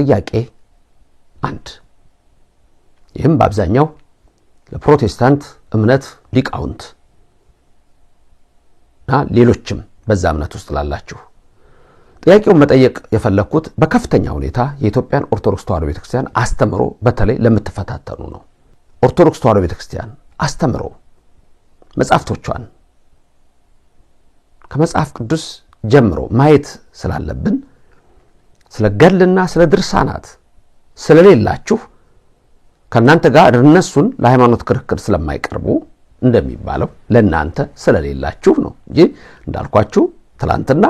ጥያቄ አንድ ይህም በአብዛኛው ለፕሮቴስታንት እምነት ሊቃውንት እና ሌሎችም በዛ እምነት ውስጥ ላላችሁ ጥያቄውን መጠየቅ የፈለግኩት በከፍተኛ ሁኔታ የኢትዮጵያን ኦርቶዶክስ ተዋዶ ቤተክርስቲያን አስተምሮ በተለይ ለምትፈታተኑ ነው። ኦርቶዶክስ ተዋዶ ቤተክርስቲያን አስተምሮ መጻሕፍቶቿን ከመጽሐፍ ቅዱስ ጀምሮ ማየት ስላለብን ስለ ገድልና ስለ ድርሳናት ስለሌላችሁ ከእናንተ ጋር እነሱን ለሃይማኖት ክርክር ስለማይቀርቡ እንደሚባለው ለእናንተ ስለሌላችሁ ነው እንጂ እንዳልኳችሁ ትላንትና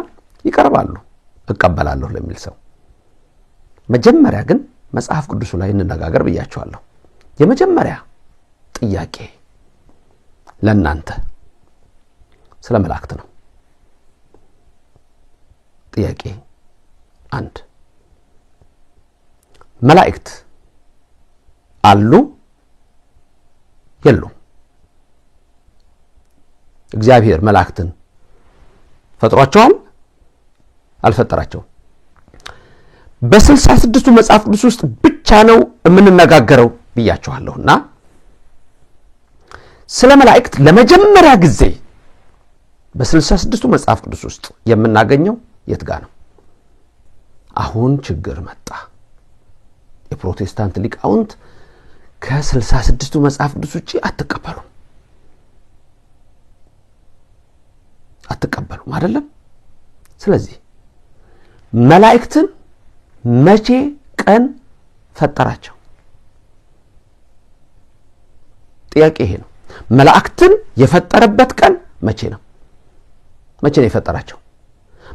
ይቀርባሉ እቀበላለሁ ለሚል ሰው መጀመሪያ ግን መጽሐፍ ቅዱሱ ላይ እንነጋገር ብያችኋለሁ። የመጀመሪያ ጥያቄ ለእናንተ ስለ መላእክት ነው። ጥያቄ አንድ መላእክት አሉ የሉም? እግዚአብሔር መላእክትን ፈጥሯቸዋል አልፈጠራቸውም? በስልሳ ስድስቱ መጽሐፍ ቅዱስ ውስጥ ብቻ ነው የምንነጋገረው ብያችኋለሁና ስለ መላእክት ለመጀመሪያ ጊዜ በስልሳ ስድስቱ መጽሐፍ ቅዱስ ውስጥ የምናገኘው የት ጋ ነው? አሁን ችግር መጣ። የፕሮቴስታንት ሊቃውንት ከስልሳ ስድስቱ መጽሐፍ ቅዱስ ውጭ አትቀበሉ አትቀበሉም አይደለም። ስለዚህ መላእክትን መቼ ቀን ፈጠራቸው? ጥያቄ ይሄ ነው። መላእክትን የፈጠረበት ቀን መቼ ነው? መቼ ነው የፈጠራቸው?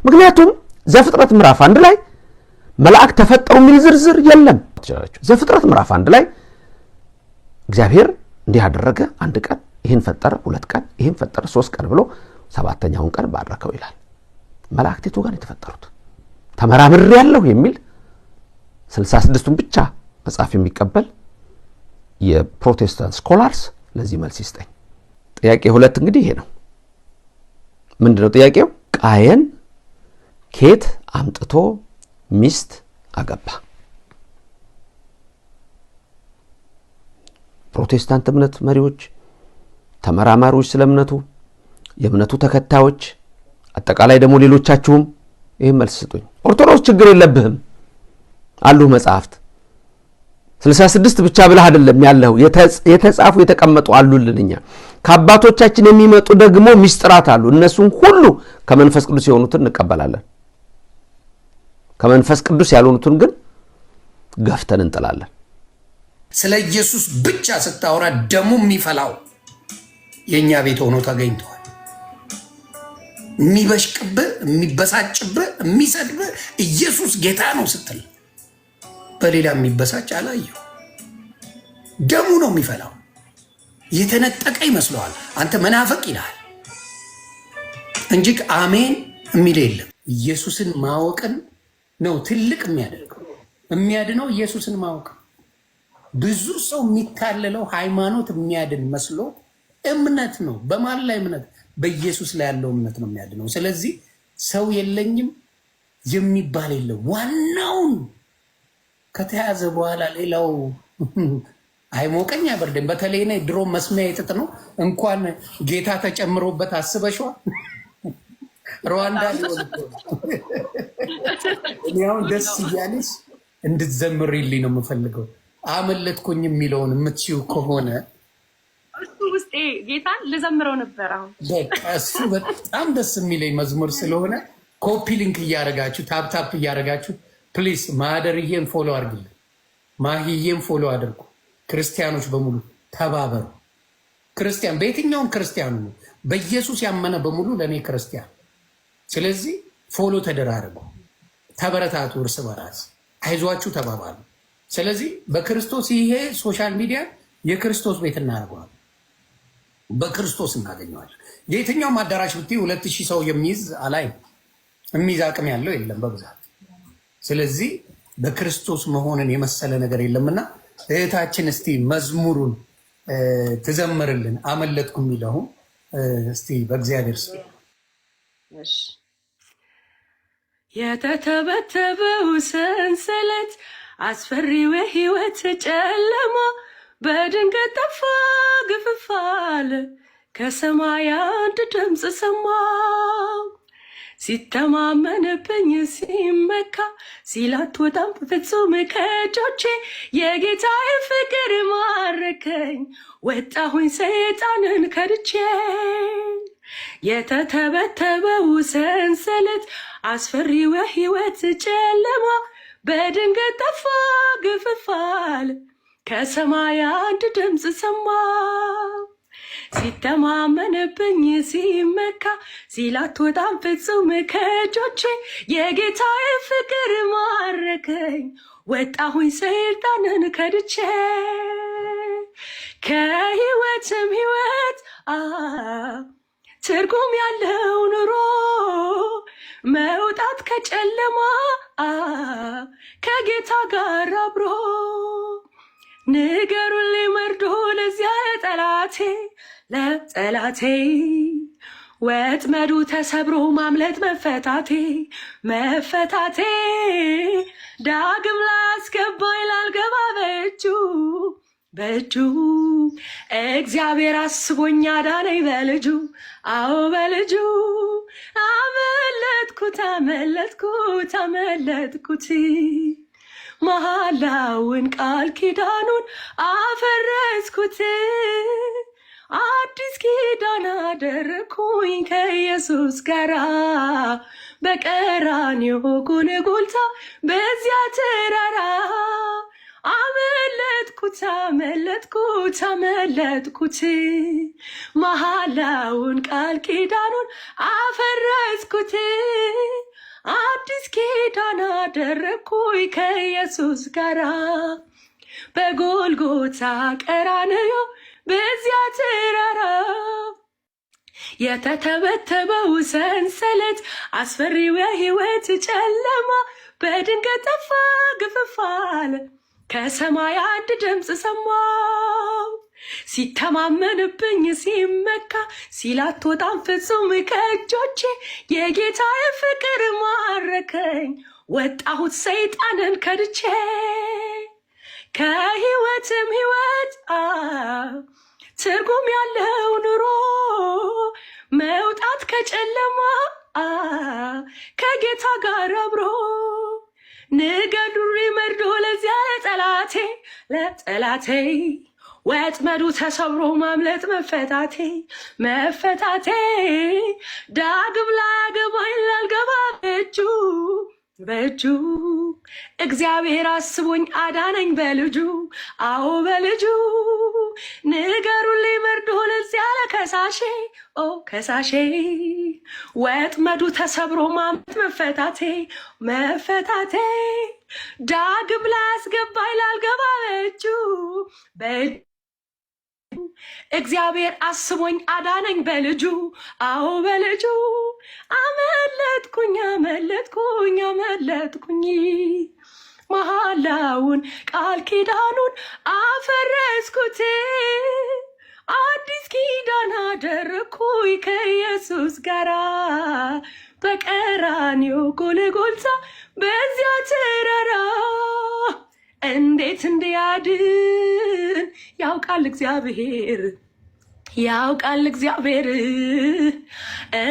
ምክንያቱም ዘፍጥረት ምዕራፍ አንድ ላይ መላእክት ተፈጠሩ የሚል ዝርዝር የለም። ዘፍጥረት ምዕራፍ አንድ ላይ እግዚአብሔር እንዲህ አደረገ፣ አንድ ቀን ይህን ፈጠረ፣ ሁለት ቀን ይህን ፈጠረ፣ ሶስት ቀን ብሎ ሰባተኛውን ቀን ባረከው ይላል። መላእክት የቱ ጋር የተፈጠሩት ተመራምሬ ያለሁ የሚል ስልሳ ስድስቱን ብቻ መጽሐፍ የሚቀበል የፕሮቴስታንት ስኮላርስ ለዚህ መልስ ይስጠኝ። ጥያቄ ሁለት እንግዲህ ይሄ ነው። ምንድነው ጥያቄው? ቃየን ኬት አምጥቶ ሚስት አገባ። ፕሮቴስታንት እምነት መሪዎች፣ ተመራማሪዎች፣ ስለ እምነቱ የእምነቱ ተከታዮች፣ አጠቃላይ ደግሞ ሌሎቻችሁም ይህም መልስ ስጡኝ። ኦርቶዶክስ ችግር የለብህም አሉህ መጽሐፍት ስልሳ ስድስት ብቻ ብለህ አይደለም ያለው የተጻፉ የተቀመጡ አሉልን። እኛ ከአባቶቻችን የሚመጡ ደግሞ ሚስጥራት አሉ። እነሱን ሁሉ ከመንፈስ ቅዱስ የሆኑትን እንቀበላለን። ከመንፈስ ቅዱስ ያልሆኑትን ግን ገፍተን እንጥላለን። ስለ ኢየሱስ ብቻ ስታወራ ደሙ የሚፈላው የእኛ ቤት ሆኖ ተገኝተዋል። የሚበሽቅብህ፣ የሚበሳጭብህ፣ የሚሰድብህ ኢየሱስ ጌታ ነው ስትል በሌላ የሚበሳጭ አላየሁ። ደሙ ነው የሚፈላው። የተነጠቀ ይመስለዋል። አንተ መናፈቅ ይልሃል እንጂ አሜን የሚል የለም። ኢየሱስን ማወቅን ነው ትልቅ የሚያደርገው የሚያድነው ኢየሱስን ማወቅ። ብዙ ሰው የሚታለለው ሃይማኖት የሚያድን መስሎ እምነት ነው። በማን ላይ እምነት? በኢየሱስ ላይ ያለው እምነት ነው የሚያድነው። ስለዚህ ሰው የለኝም የሚባል የለም። ዋናውን ከተያዘ በኋላ ሌላው አይሞቀኝ አይበርደኝ። በተለይ እኔ ድሮ መስሚያ የጥጥ ነው እንኳን ጌታ ተጨምሮበት አስበሸዋ ሩዋንዳ እኔ አሁን ደስ እያለሽ እንድትዘምሪልኝ ነው የምፈልገው። አመለጥኩኝ የሚለውን የምትችይው ከሆነ እሱ ውስጤ ጌታን ልዘምረው ነበር። አሁን በቃ እሱ በጣም ደስ የሚለኝ መዝሙር ስለሆነ ኮፒ ሊንክ እያደረጋችሁ ታፕታፕ እያደረጋችሁ ፕሊስ ማደርዬን ፎሎ አድርግልን፣ ማህዬን ፎሎ አድርጉ። ክርስቲያኖች በሙሉ ተባበሩ። ክርስቲያን በየትኛውም ክርስቲያኑ ነው፣ በኢየሱስ ያመነ በሙሉ ለእኔ ክርስቲያን። ስለዚህ ፎሎ ተደራርጉ። ተበረታቱ፣ እርስ በራስ አይዟችሁ ተባባሉ። ስለዚህ በክርስቶስ ይሄ ሶሻል ሚዲያ የክርስቶስ ቤት እናደርገዋል፣ በክርስቶስ እናገኘዋለን። የትኛውም አዳራሽ ብትይ ሁለት ሺህ ሰው የሚይዝ አላይ የሚይዝ አቅም ያለው የለም በብዛት ስለዚህ በክርስቶስ መሆንን የመሰለ ነገር የለምና እህታችን እስቲ መዝሙሩን ትዘምርልን። አመለጥኩ የሚለውን እስቲ በእግዚአብሔር ስ የተተበተበው ሰንሰለት አስፈሪው የህይወት ጨለማ በድንገት ጠፋ ግፍፍ አለ። ከሰማይ አንድ ድምፅ ሰማው ሲተማመንብኝ ሲመካ ሲላት ወጣም ፍጹም ከእጆቼ የጌታዬ ፍቅር ማረከኝ ወጣሁኝ ሰይጣንን ከድቼ የተተበተበው ሰንሰለት አስፈሪው ሕይወት ጨለማ በድንገት ጠፋ ግፍፋል። ከሰማይ አንድ ድምፅ ሰማ ሲተማመንብኝ ሲመካ ሲላት ወጣም ፍጹም ከእጆቼ የጌታዬ ፍቅር ማረከኝ። ወጣሁኝ ሰይጣንን ከድቼ ከህይወትም ህይወት ትርጉም ያለው ኑሮ መውጣት ከጨለማ ከጌታ ጋር አብሮ ንገሩን ሊመርዶ ለዚያ ለጠላቴ ለጠላቴ ወጥመዱ ተሰብሮ ማምለት መፈታቴ መፈታቴ ዳግም ላስገባኝ ላልገባ በእጁ በእጁ እግዚአብሔር አስቦኛ ዳነኝ በልጁ አዎ በልጁ አመለጥኩ ተመለጥኩ ተመለጥኩት መሐላውን ቃል ኪዳኑን አፈረስኩት አዲስ ኪዳን አደረኩኝ ከኢየሱስ ጋራ በቀራንዮ ጎልጎታ በዚያ ተራራ አመለጥኩት አመለጥኩት አመለጥኩት መሃላውን ቃል ኪዳኑን አፈረስኩት አዲስ ኪዳን አደረግኩኝ ከኢየሱስ ጋራ በጎልጎታ ቀራንዮ በዚያ ተራራ የተተበተበው ሰንሰለት አስፈሪው የህይወት ጨለማ በድንገት ጠፋ ግፍፋለ። አለ ከሰማይ አንድ ድምፅ ሰማው ሲተማመንብኝ ሲመካ ወጣም ፍጹም ከእጆቼ የጌታዬ ፍቅር ማረከኝ። ወጣሁት ሰይጣንን ከድቼ ከህይወትም ህይወት ትርጉም ያለው ኑሮ መውጣት ከጨለማ ከጌታ ጋር አብሮ ንገዱሪ መርዶ ለጠላቴ ወጥመዱ ተሰብሮ ማምለጥ መፈታቴ መፈታቴ ዳግም ላያገባኝ ላልገባ በእጁ በእጁ እግዚአብሔር አስቦኝ አዳነኝ በልጁ አዎ በልጁ ንገሩልኝ መርዶ ለዚያ ለከሳሼ ኦ ከሳሼ ወጥመዱ ተሰብሮ ማመት መፈታቴ መፈታቴ ዳግም ላስገባ ላልገባ በእጁ እግዚአብሔር አስቦኝ አዳነኝ በልጁ አዎ በልጁ አመለጥኩኝ አመለጥኩኝ አመለጥኩኝ መሐላውን ቃል ኪዳኑን በቀራንዮ ጎልጎልታ በዚያ ተራራ እንዴት እንዲያድን ያውቃል እግዚአብሔር ያውቃል እግዚአብሔር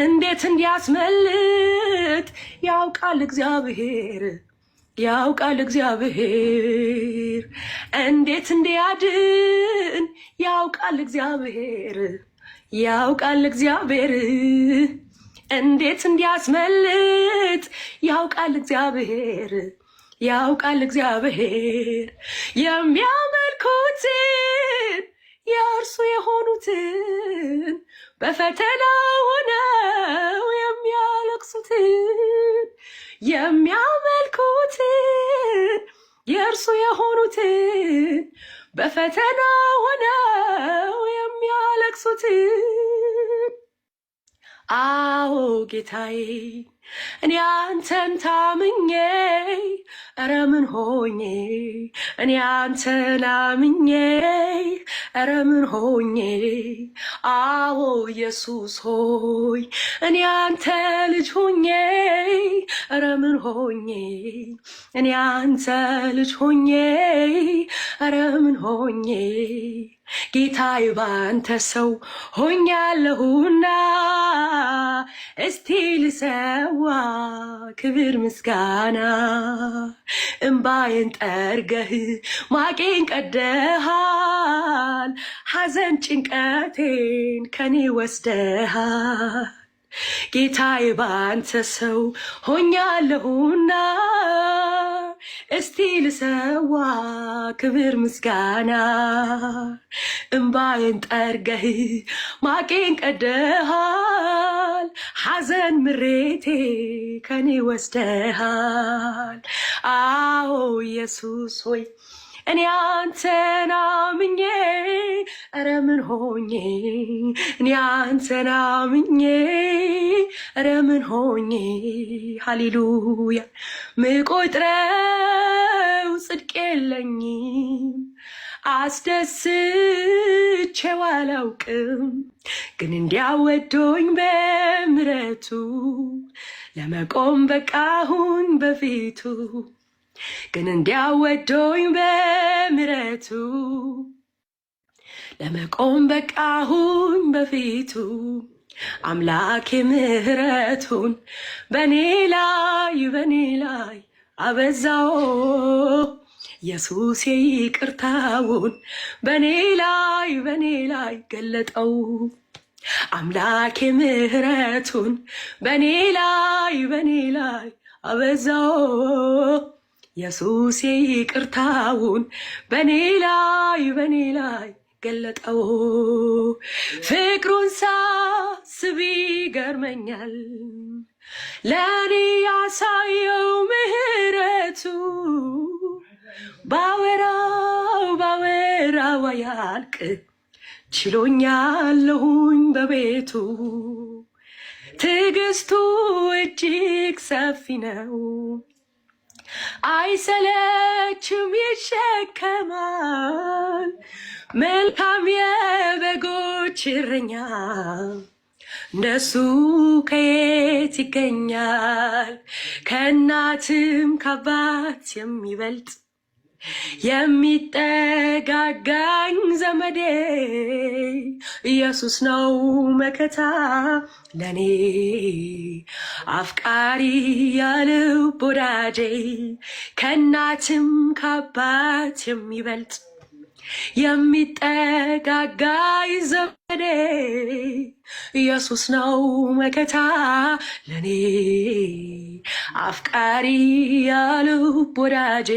እንዴት እንዲያስመልጥ ያውቃል እግዚአብሔር ያውቃል እግዚአብሔር እንዴት እንዲያድን ያውቃል እግዚአብሔር ያውቃል እግዚአብሔር እንዴት እንዲያስመልጥ ያውቃል እግዚአብሔር ያውቃል እግዚአብሔር የሚያመልኩትን የእርሱ የሆኑትን በፈተና ሆነው የሚያለቅሱትን የሚያመልኩትን የእርሱ የሆኑትን በፈተና ሆነው የሚያለቅሱትን አዎ ጌታዬ እኔ አንተን ታምኜ ኧረ ምን ሆኜ እኔ አንተ ናምኜ ኧረ ምን ሆኜ አዎ ኢየሱስ ሆይ እኔ አንተ ልጅ ሆኜ ኧረ ምን ሆኜ እኔ አንተ ልጅ ሆኜ ኧረ ምን ሆኜ ጌታ ባንተ ሰው ሆኛለሁና እስቲ ልሰዋ ክብር ምስጋና እምባዬን ጠርገ ማቄን ቀደሃል፣ ሐዘን ጭንቀቴን ከኔ ወስደሃል። ጌታዬ ባንተ ሰው ሆኛለሁና እስቲ ልሰዋ ክብር ምስጋና እምባዬን ጠርገህ ማቄን ቀደሃል ሐዘን ምሬቴ ከኔ ወስደሃል። አዎ ኢየሱስ ሆይ እኔ አንተን አምኜ ኧረ ምን ሆኜ እኔ አንተን አምኜ ኧረ ምን ሆኜ ሃሌሉያ ጽድቅ የለኝም አስደስቼው አላውቅም፣ ግን እንዲያወዶኝ በምረቱ ለመቆም በቃሁኝ በፊቱ ግን እንዲያወዶኝ በምረቱ ለመቆም በቃሁኝ በፊቱ አምላክ የምህረቱን በኔ ላይ በኔ ላይ አበዛው። ኢየሱስ ይቅርታውን በኔ ላይ በኔ ላይ ገለጠው። አምላኬ ምህረቱን በኔ ላይ በኔ ላይ አበዛው። ኢየሱስ ይቅርታውን በኔ ላይ በኔ ላይ ገለጠው። ፍቅሩን ሳስብ ይገርመኛል ለእኔ ያሳየው ምህረቱ! ባወራው ባወራው አያልቅ ችሎኛለሁኝ በቤቱ ትዕግስቱ እጅግ ሰፊ ነው። አይሰለችም ይሸከማል። መልካም የበጎች እረኛ እንደሱ ከየት ይገኛል? ከእናትም ከአባት የሚበልጥ የሚጠጋጋኝ ዘመዴ ኢየሱስ ነው መከታ ለኔ አፍቃሪ የልብ ወዳጄ ከእናትም ከአባት የሚበልጥ የሚጠጋጋኝ ዘመዴ ኢየሱስ ነው መከታ ለኔ አፍቃሪ የልብ ወዳጄ